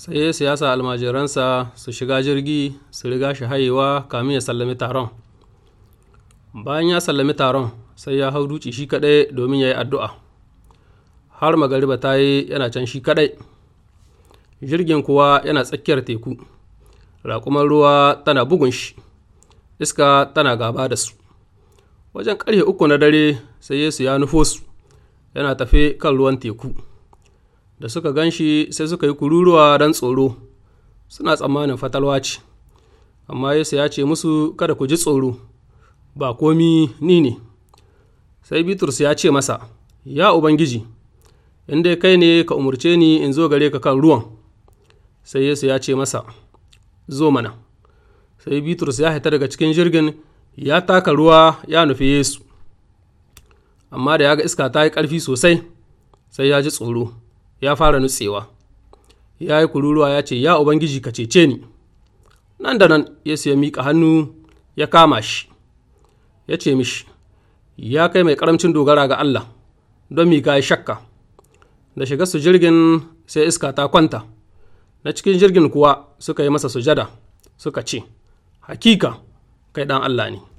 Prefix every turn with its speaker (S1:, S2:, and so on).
S1: sai ya siyasa almajiransa su shiga jirgi su riga shi hayewa kamin ya sallami taron bayan ya sallami taron sai ya hau duci shi kaɗai domin ya yi addu'a har magariba ta yi yana can shi kaɗai jirgin kuwa yana tsakiyar teku raƙuman ruwa tana bugun shi iska tana gaba da su wajen ƙarfe uku na dare sai yesu ya nufo su yana tafe kan ruwan teku da suka gan shi sai suka yi kururuwa don tsoro suna tsammanin fatalwa ce amma yesu ya ce musu kada ku ji tsoro ba komi ni ne sai bitrus ya ce masa ya ubangiji in dai kai ne ka umarce ni in zo gare ka kan ruwan sai yesu ya ce masa zo mana sai bitrus ya hita daga cikin jirgin ya taka ruwa ya nufi yesu amma da ya ga iska ta yi ƙarfi sosai sai ya ji tsoro ya fara nutsewa ya yi kururuwa ya ce ya ubangiji ka cece ni nan da nan yesu ya miƙa hannu ya kama shi ya ce mishi ya kai mai ƙaramcin dogara ga allah don miƙa ya shakka da shiga su jirgin sai iska ta kwanta na cikin jirgin kuwa suka yi masa sujada suka ce hakika kai ɗan allah ne